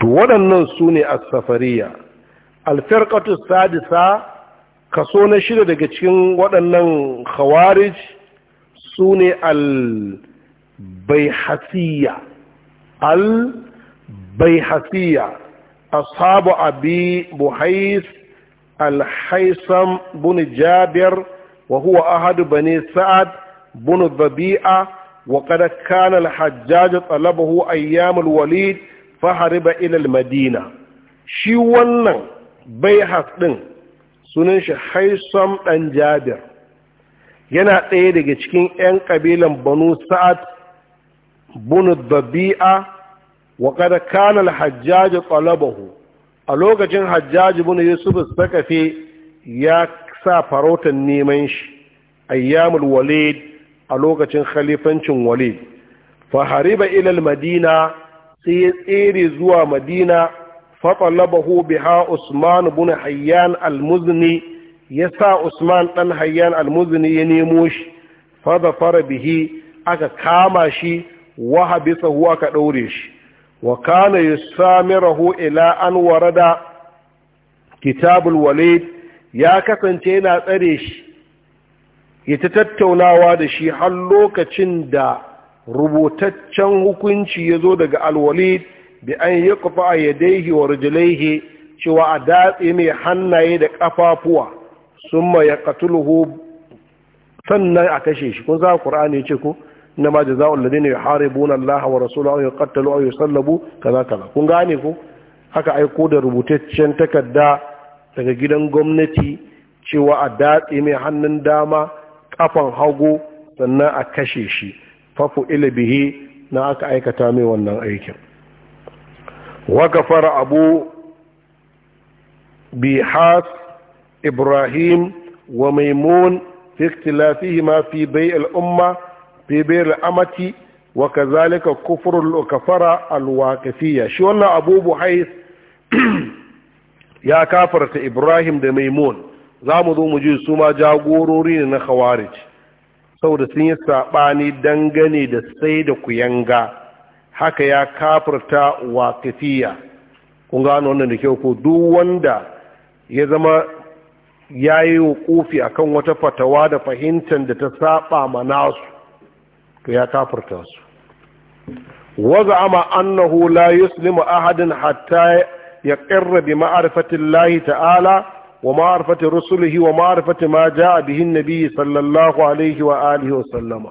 to waɗannan su ne a safariya alfarƙatu sadisa kaso na shida daga cikin waɗannan khawarij su ne albaihasiya albaihasiya ashabu abi buhais الحيثم بن جابر وهو أحد بني سعد بن الضبيعة وقد كان الحجاج طلبه أيام الوليد فهرب إلى المدينة شي ونن بيحث دن sunan shi haisam ɗan jabir yana ɗaya daga cikin 'yan ƙabilan banu sa'ad bunu dabi'a wa kada kanal al-hajjaj a lokacin hajjaji bin yusuf sakafe ya sa farautan neman shi ayyamul walid a lokacin khalifancin walid fa hariba ilal madina sai ya tsere zuwa madina fatalabahu biha usman bin hayyan almuzni ya sa usman dan hayyan almuzni ya nemo shi fara bihi aka kama shi wa huwa aka daure shi wa kana yusamirahu ila an warada kitabul walid ya kasance yana tsare shi ya ta tattaunawa da shi har lokacin da rubutaccen hukunci ya zo daga alwalid bi an yi kufa a yadaihi wa rijilaihi cewa a datse mai hannaye da ƙafafuwa sun ya katulhu sannan a kashe shi kun za a ƙura'an ya ce ku inna ma jazaa'u alladhina yuharibuna Allah wa rasulahu yuqattalu aw yusallabu kaza kaza kun gane ko aka aiko da rubutaccen takarda daga gidan gwamnati cewa a datse mai hannun dama kafan hagu sannan a kashe shi fafu ila na aka aikata mai wannan aikin wa kafara abu bihas ibrahim wa maimun fi ikhtilafihima fi bai'il umma fi bayr amati wa kazalika kufrul kafara alwaqifiyya shi wannan abu buhais ya kafarta ibrahim da maimun za mu zo mu ji su ma jagorori ne na khawarij saboda sun yi saɓani dangane da sai da kuyanga haka ya kafarta waƙifiya kun gano wannan da kyau ko duk wanda ya zama ya yi wukufi akan wata fatawa da fahimtar da ta saba ma nasu to ya kafirta su waza ama annahu la yuslimu ahadin hatta ya ƙirra bi ma'arifatin lahi ta'ala wa ma'arifatin rusulihi wa ma'arifatin ma ja'a bihin nabiyyi sallallahu alaihi wa alihi wa sallama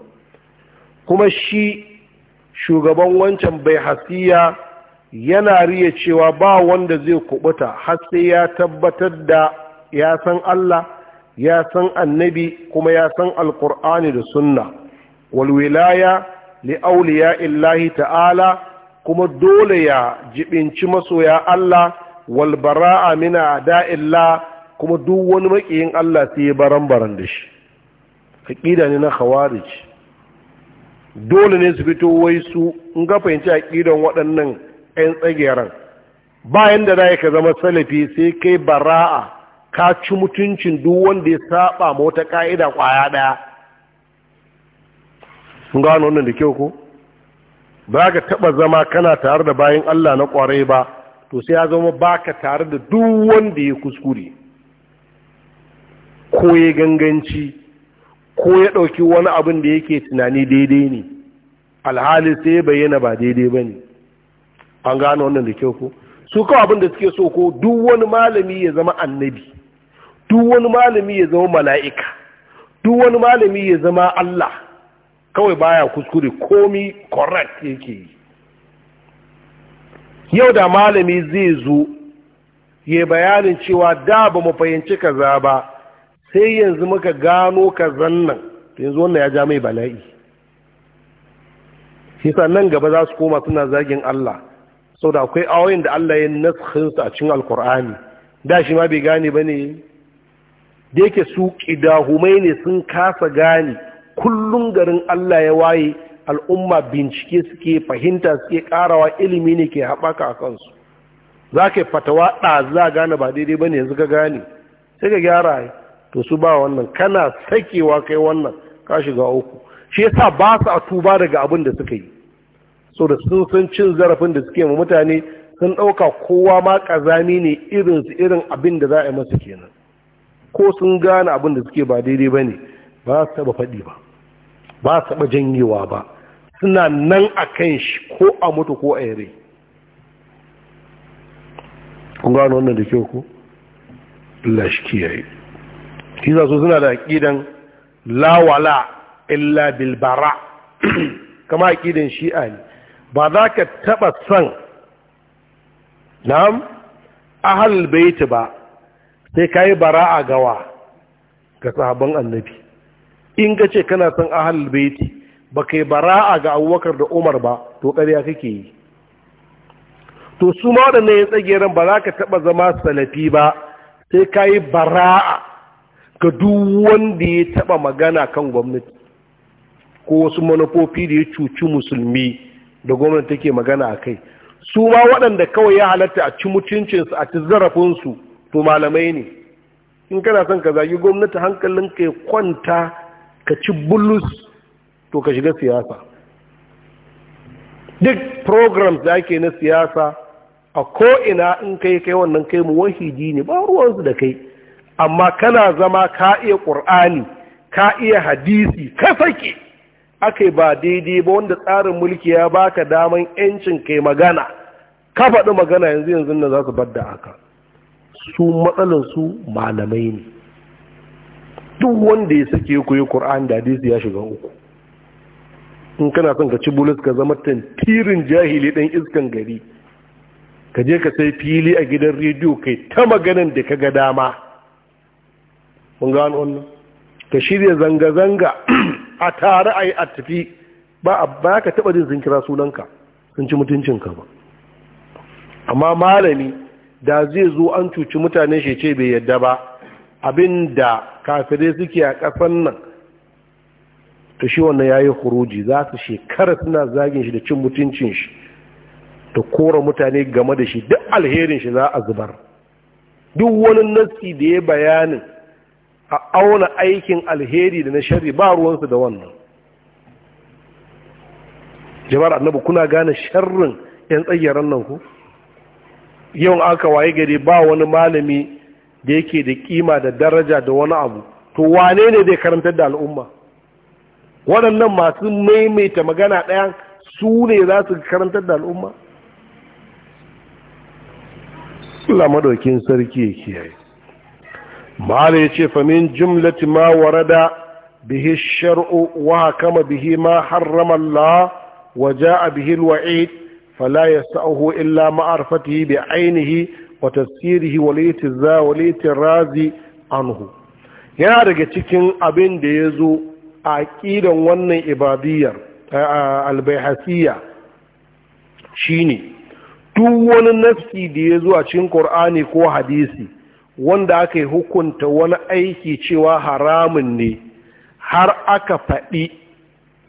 kuma shi shugaban wancan bai hasiya yana riya cewa ba wanda zai kubuta har sai ya tabbatar da ya san Allah ya san annabi kuma ya san alkur'ani da sunna walwilaya li auliya illahi ta'ala kuma dole ya jibinci masoya Allah wal bara'a min a'da'illah kuma duk wani makiyin Allah sai ya baran baran da shi aqida ne na khawarij dole ne su fito wai su in ga fahimci aqidan waɗannan ɗan tsageran bayan da zai ka zama salafi sai kai bara'a ka ci mutuncin duk wanda ya saba ma wata ka'ida kwaya daya sun gano wannan da kyau ko ba ka taɓa zama kana tare da bayan Allah na kwarai ba to sai ya zama baka tare da duk wanda ya kuskure ko ya ganganci ko ya ɗauki wani abin da yake tunani daidai ne alhali sai ya bayyana ba daidai ba ne an gano wannan da kyau ko su kawo abin da suke so ko duk wani malami ya zama annabi duk wani malami ya zama mala'ika duk wani malami ya zama Allah kawai baya kuskure komi correct yake yi yau da malami zai zo ya bayanin cewa da ba mu fahimci kaza ba sai yanzu muka gano kazan nan yanzu wannan ya ja mai bala'i shi nan gaba za su koma suna zagin Allah sau da akwai awoyin da Allah ya naskhinsu a cikin alkur'ani da shi ma bai gane ba ne da yake su ƙidahumai ne sun kasa gane kullum garin Allah ya waye al'umma bincike suke fahimta suke karawa ilimi ne ke haɓaka a kansu za ka yi fatawa a gane ba daidai ba ne yanzu ka gane sai ka gyara to su ba wannan kana sakewa kai wannan ka shiga uku shi yasa ba su a tuba daga abin da suka yi so da sun san cin zarafin da suke ma mutane sun ɗauka kowa ma ƙazami ne irin su irin abin da za a yi masu kenan ko sun gane abin da suke ba daidai ba ne ba su taɓa faɗi ba ba su taɓa janyewa ba suna nan a kan shi ko a mutu ko a yare kun gano wannan da kyau ku Lashkiya kiyaye shi za suna da aƙidan lawala illa bilbara kama aƙidan shi'a ne ba za ka taɓa son na ahal baiti ba sai ka yi bara a gawa ga sahabban annabi in ka ce kana san ahal baiti ba kai bara'a ga abubakar da umar ba to ƙarya kake yi to su ma waɗannan yin tsageren ba za ka taɓa zama salafi ba sai ka yi bara'a ga duk wanda ya taɓa magana kan gwamnati ko wasu manufofi da ya cuci musulmi da gwamnati take magana a kai su ma waɗanda kawai ya halatta a ci mutuncinsu a ci zarafinsu to malamai ne in kana son ka zagi gwamnati hankalinka ya kwanta ka ci bulus to ka shiga siyasa duk programs da ake na siyasa a ko'ina in kai kai wannan kai mu wahidi ne ba ruwansu da kai amma kana zama ka iya ƙur'ani ka iya hadisi ka sake aka ba daidai ba wanda tsarin mulki ya baka daman yancin kai magana ka faɗi magana yanzu yanzu na za su bada aka su matsalinsu malamai ne duk wanda ya sake koyi Qur'an da hadisi ya shiga uku in kana son ka ci bulus ka zama tantirin jahili ɗan iskan gari ka je ka sai fili a gidan rediyo kai ta maganin da ka ga dama mun gano wannan ka shirya zanga-zanga a tare a yi a tafi ba a ka taɓa jin sun kira sunanka sun ci mutuncinka ba amma malami da zai zo an cuci mutane shi ce bai yadda ba abin da kafirai suke a ƙasan nan to shi wannan yayi huruji za su shekara suna zagin shi da cin mutuncin shi da kora mutane game da shi duk alherin shi za a zubar duk wani naski da ya bayanin a auna aikin alheri da na shari ba ruwansu da wannan jama'ar annabi kuna gane sharrin yan tsayyaran nan ku Yawan aka waye gari ba wani malami da yake da kima da daraja da wani abu to wane ne zai karantar da al'umma waɗannan masu maimaita magana ɗaya su ne za su karantar da al'umma Allah sarki ya kiyaye mala ya ce famin jumlati ma warada bihi shar'u wa kama bihi ma harrama Allah wa ja'a bihi al-wa'id fala yas'ahu illa ma'arfatihi bi ainihi wa tasirihi wa za wa litirazi anhu yana daga cikin abin da ya zo a ƙidan wannan ibadiyar shi shine duk wani nafsi da ya zo a cikin ƙur'ani ko hadisi wanda aka yi hukunta wani aiki cewa haramun ne har aka faɗi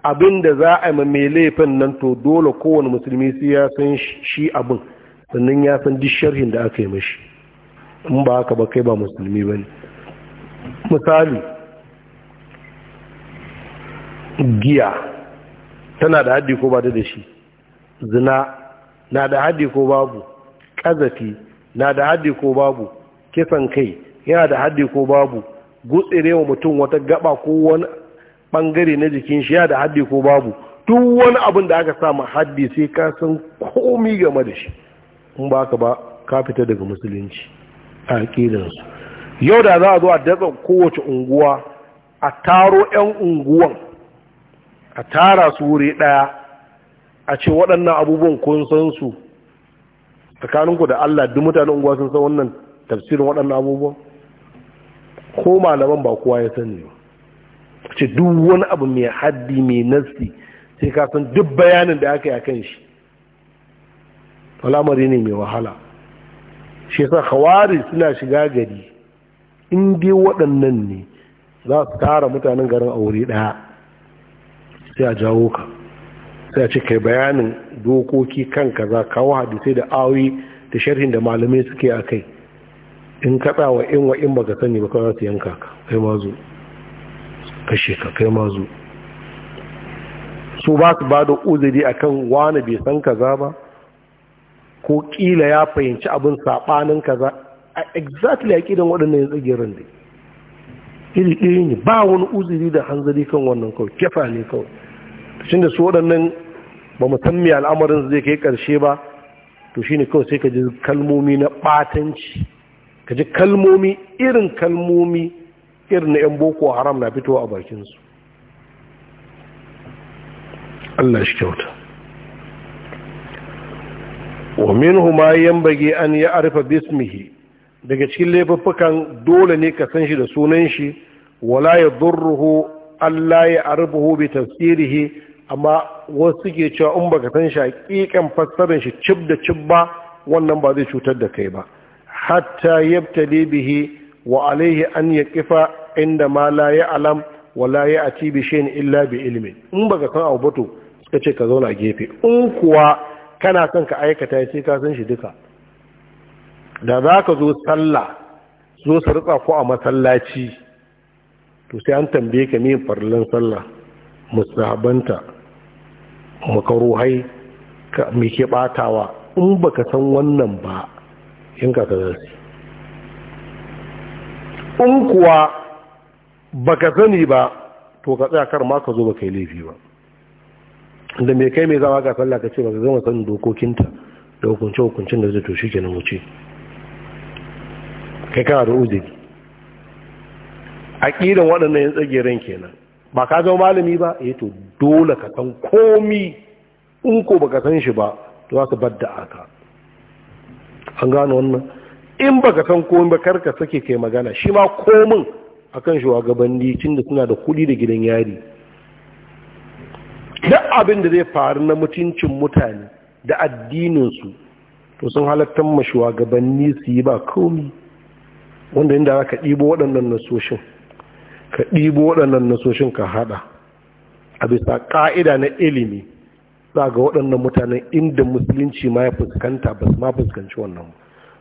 abin da za a yi mai laifin nan to dole kowane musulmi sai ya san shi abin sannan ya san duk sharhin da aka yi mashi in ba haka ba kai ba musulmi ba ne misali giya tana da haddi ko ba da shi zina na da haddi ko babu ƙazafi na da haddi ko babu kisan kai yana da haddi ko babu gutsire wa mutum wata gaba ko wani bangare na jikin shi yana da haddi ko babu duk wani abin da aka samu haddi sai ka san komi game da shi in ba ka ba ka fita daga musulunci a aƙidansu yau da za a zo a datsa kowace unguwa a taro 'yan unguwan a tara su wuri ɗaya a ce waɗannan abubuwan kun san su tsakaninku da Allah duk mutane unguwa sun san wannan tafsirin waɗannan abubuwan ko malaman ba kowa ya sani ba ce duk wani abu mai haddi mai nasi, sai ka san duk bayanin da aka yi a kan shi al'amari ne mai wahala shi yasa kawari suna shiga gari in waɗannan ne za su tara mutanen garin aure ɗaya sai a jawo ka sai a ce kai bayanin dokoki kan kaza kawo hadisai da awi da sharhin da malamai suke a kai in kaɗa wa in wa in baka sani ba kawai su yanka ka kai ma zo kashe ka kai ma zo su ba su ba da uzuri akan wani bai san kaza ba ko ƙila ya fahimci abin saɓanin kaza a exactly a kidan waɗannan tsagirin da iri ɗaya ne ba wani uziri da hanzari kan wannan kawai kefa ne kawai tashin da su waɗannan ba mu san al'amarin zai kai ƙarshe ba to shi ne kawai sai ka ji kalmomi na ɓatanci ka ji kalmomi irin kalmomi irin na 'yan boko haram na fitowa a bakinsu Allah shi kyauta wa minhu ma bage an ya arfa bismihi daga cikin laifuffukan dole ne ka san shi da sunan shi wala ya yadurruhu Allah ya arbuhu bi tafsirihi amma wasu suke cewa in baka san shi hakikan fassarar shi cib da cib ba wannan ba zai cutar da kai ba hatta yabtali bihi wa alaihi an kifa inda ma la ya'lam wala ya ati bi shayin illa bi ilmi in baka san abu bato ka ce ka zauna gefe in kuwa kana son ka aikata sai ka san shi duka da za ka zo sallah zo su rutsa ko a masallaci to sai an tambaye ka me farlan sallah musabanta makaruhai me ke batawa in ba ka san wannan ba in ka zasi in kuwa ba ka sani ba to ka tsaya kar ma ka zo ba ka yi laifi ba da mai kai mai zama ga sallah ka ce ba ka zama sanin dokokinta da hukunce hukuncin da zai to ke kenan wuce kai kana da uzuri aqidan waɗannan yan tsageren kenan ba ka zama malami ba eh to dole ka san komi in ko baka san shi ba to za ka bar da aka an gano wannan in baka san komi ba karka sake kai magana shi ma komin akan shugabanni tunda suna da kuɗi da gidan yari duk abin da zai faru na mutuncin mutane da addininsu to sun halattar ma shugabanni su yi ba komi wanda inda za ka ɗibo waɗannan nasoshin ka ɗibo waɗannan nasoshin ka haɗa a bisa ƙa'ida na ilimi za ga waɗannan mutanen inda musulunci ma ya fuskanta ba su ma fuskanci wannan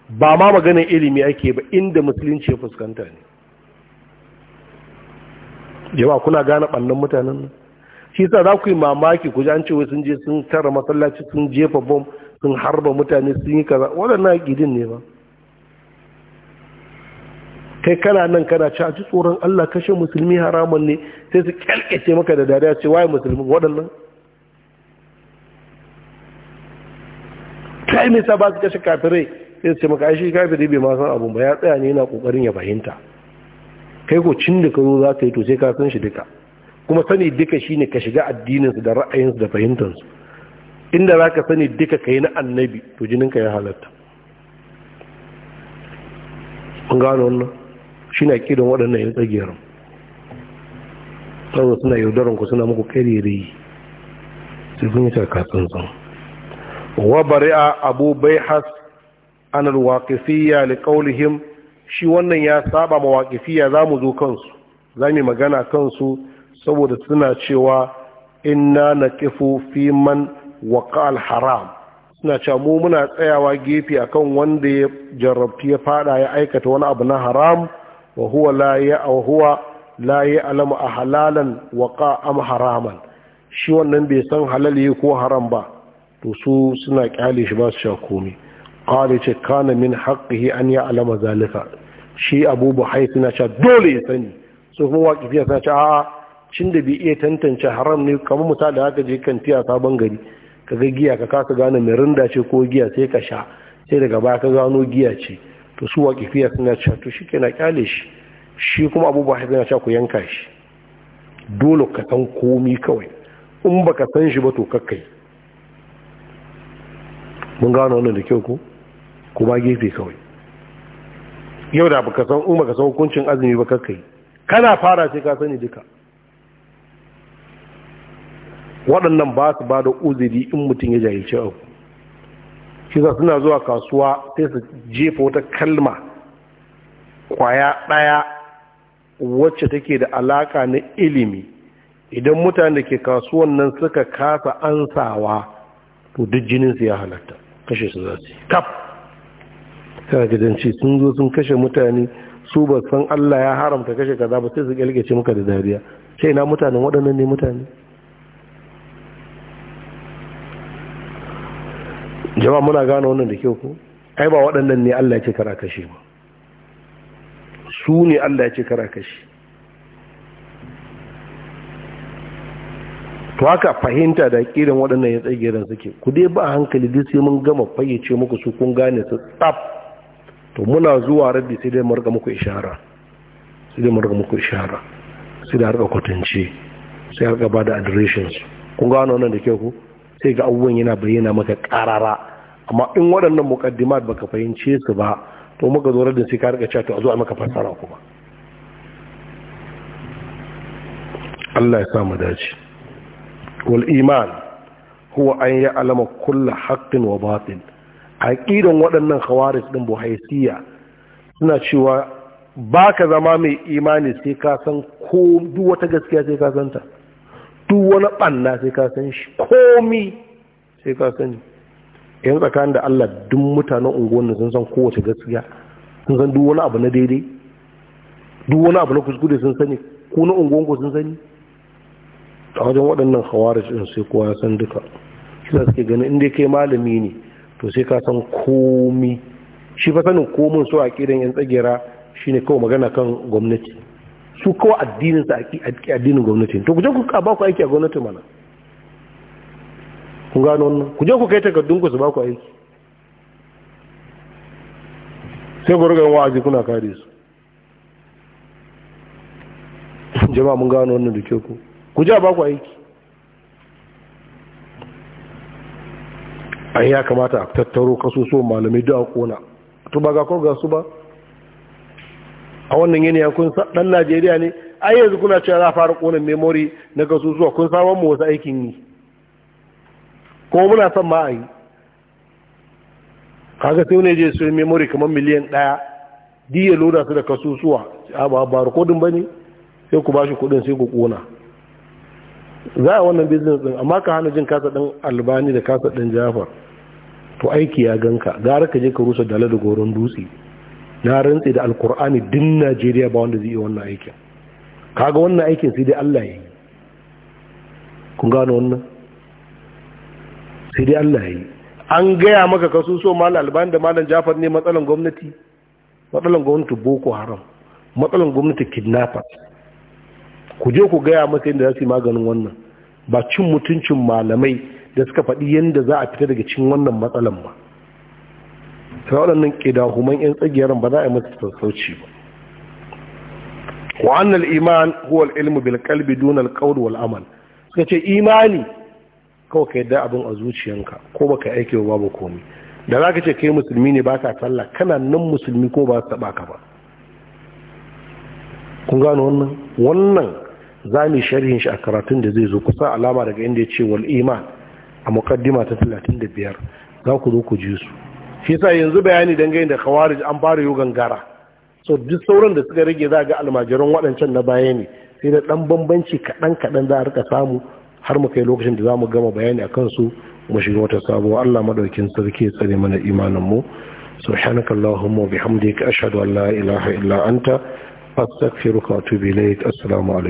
ba ma maganin ilimi ake ba inda musulunci ya fuskanta ne yawa kuna gane ɓannan mutanen nan shi sa za ku yi mamaki ku ji an wai sun je sun tara masallaci sun jefa bom sun harba mutane sun yi kaza waɗannan aƙidin ne ba kai kana nan kana ci a ci tsoron Allah kashe musulmi haramun ne sai su kyalkace maka da dariya ce waye musulmi waɗannan kai me sa ba su kashe kafirai sai su ce maka aishi kafirai bai ma san abun ba ya tsaya ne yana kokarin ya fahimta kai ko cin da ka zo za ka yi to sai ka san shi duka kuma sani duka shine ka shiga addininsu da ra'ayinsu da fahimtansu inda za ka sani duka ka yi na annabi to jininka ya halatta an gano wannan shi na kidan waɗannan yin tsagiyar saboda suna yaudaran ku suna muku karere sai sun yi takatsun sun wa bari'a abu has anar alwaqifiyya da ƙaulihim shi wannan ya saba ma za mu zo kansu za yi magana kansu saboda suna cewa inna na kifo fi man waƙa haram suna cewa mu muna tsayawa gefe akan wanda ya jarrabti ya fada ya aikata wani abu na haram wa huwa la ya huwa la alamu a halalan waƙa am haraman shi wannan bai san halal ko haram ba to su suna kyale shi ba su sha komai qali ce kana min haqqihi an alama zalika shi abubu buhayth na cewa dole ya sani su kuma waqifiya ta ce a'a cin da bai iya tantance haram ne kamar da haka je kan tiya sabon gari ka ga giya ka kasa gane mai rinda ce ko giya sai ka sha sai daga baya ka gano giya ce to su waƙifiya suna cewa to shi ke na kyale shi shi kuma abubuwa ya zana cewa ku yanka shi dole ka san komi kawai in baka san shi ba to kakkai mun gano wannan da kyau ko ku gefe kawai yau da baka san in baka san hukuncin azumi ba kakkai kana fara sai ka sani duka waɗannan ba su ba da uzuri in mutum ya jahilci abu shi za suna zuwa kasuwa sai su jefa wata kalma kwaya ɗaya wacce take da alaka na ilimi idan mutane da ke kasuwan nan suka kasa ansawa to duk jininsu ya halatta kashe su za su yi kaf sai gidanci sun zo sun kashe mutane su ba san Allah ya haramta kashe kaza ba sai su kyalkace muka da dariya sai na mutanen waɗannan ne mutane jama'a muna gane wannan da kyau ko ai ba waɗannan ne Allah ya ce kara kashe ba su ne Allah ya ce kara kashe to haka fahimta da kirin waɗannan ya tsage ran suke ku dai ba hankali duk sai mun gama fayyace muku su kun gane su tsaf to muna zuwa rabbi sai dai mu rika muku ishara sai dai mu rika muku ishara sai da harka kwatance sai harka ba da adoration kun gano wannan da kyau ku sai ga abubuwan yana bayyana maka karara amma in waɗannan muƙaddimat baka fahimce su ba to muka zo radin sai ka rika cewa to a zo a maka fassara kuma Allah ya sa mu dace wal iman huwa an alama kullu haqqin wa batil aqidan waɗannan khawarij din buhaisiya suna cewa baka zama mai imani sai ka san ko duk wata gaskiya sai ka san ta. duk wani ɓanna sai ka san shi komi sai ka sani yan tsakanin da Allah duk mutanen unguwannin sun san kowace gaskiya sun san duk wani abu na daidai duk wani abu na kuskure sun sani ko na unguwanku sun sani a wajen waɗannan hawarish shi sai kowa ya san duka shi za suke ganin inda ke malami ne to sai ka san komi shi fa sanin komin so a kiran yan tsagera shine kawai magana kan gwamnati su kawo addinin sa addinin gwamnati to ku je ku ba ku aiki a gwamnati mana kun gano wannan ku je ku kai takardun ku su ba ku aiki sai ku riga wa'azi kuna kare su jama'a mun gano wannan da ke ku ku je ba ku aiki an ya kamata a tattaro kasusuwan malamai duk a kona to ba ga ko ga su ba a wannan yanayin kun dan Najeriya ne ai yanzu kuna cewa za a fara kona memory na kasusuwa kun samar mu wasu aikin yi ko muna son ma a yi kaga sai ne je su memory kamar miliyan ɗaya diya loda su da kasusuwa a ba ba rikodin ba ne sai ku bashi kudin sai ku kona za a wannan business din amma ka hana jin kasa ɗan albani da kasa ɗan jafar to aiki ya ganka gara ka je ka rusa dala da goron dutse na rantse da alkur'ani din najeriya ba wanda zai yi wannan aikin kaga wannan aikin sai dai allah ya yi kun gano wannan sai dai allah ya yi an gaya maka kasu so malam albani da malam jafar ne matsalan gwamnati matsalan gwamnati boko haram matsalan gwamnati kidnappers ku je ku gaya masa yadda za su yi maganin wannan ba cin mutuncin malamai da suka faɗi yadda za a fita daga cin wannan matsalan ba sai waɗannan ƙidahuman 'yan tsagiyar ba za a yi mata sassauci ba wa'annan iman huwa ilmu bil kalbi duna al wal amal suka ce imani kawai ka yadda abin a zuciyanka ko ka aiki ba babu komai da za ka ce kai musulmi ne ba ka sallah kana nan musulmi ko ba su taba ka ba kun gano wannan wannan za mu sharhin shi a karatun da zai zo kusa alama daga inda ya ce wal iman a mukaddima ta 35 za ku zo ku ji su shi sa yanzu bayani dangane da khawarij an fara yau gangara so duk sauran da suka rage za ga almajiran waɗancan na baya ne sai da ɗan bambanci kaɗan kaɗan za a rika samu har mu kai lokacin da za mu gama bayani a kansu mu shiga wata sabuwa allah maɗaukin sarki ya tsare mana imanin mu سبحانك اللهم وبحمدك أشهد أن ilaha illa anta أنت أستغفرك assalamu alaikum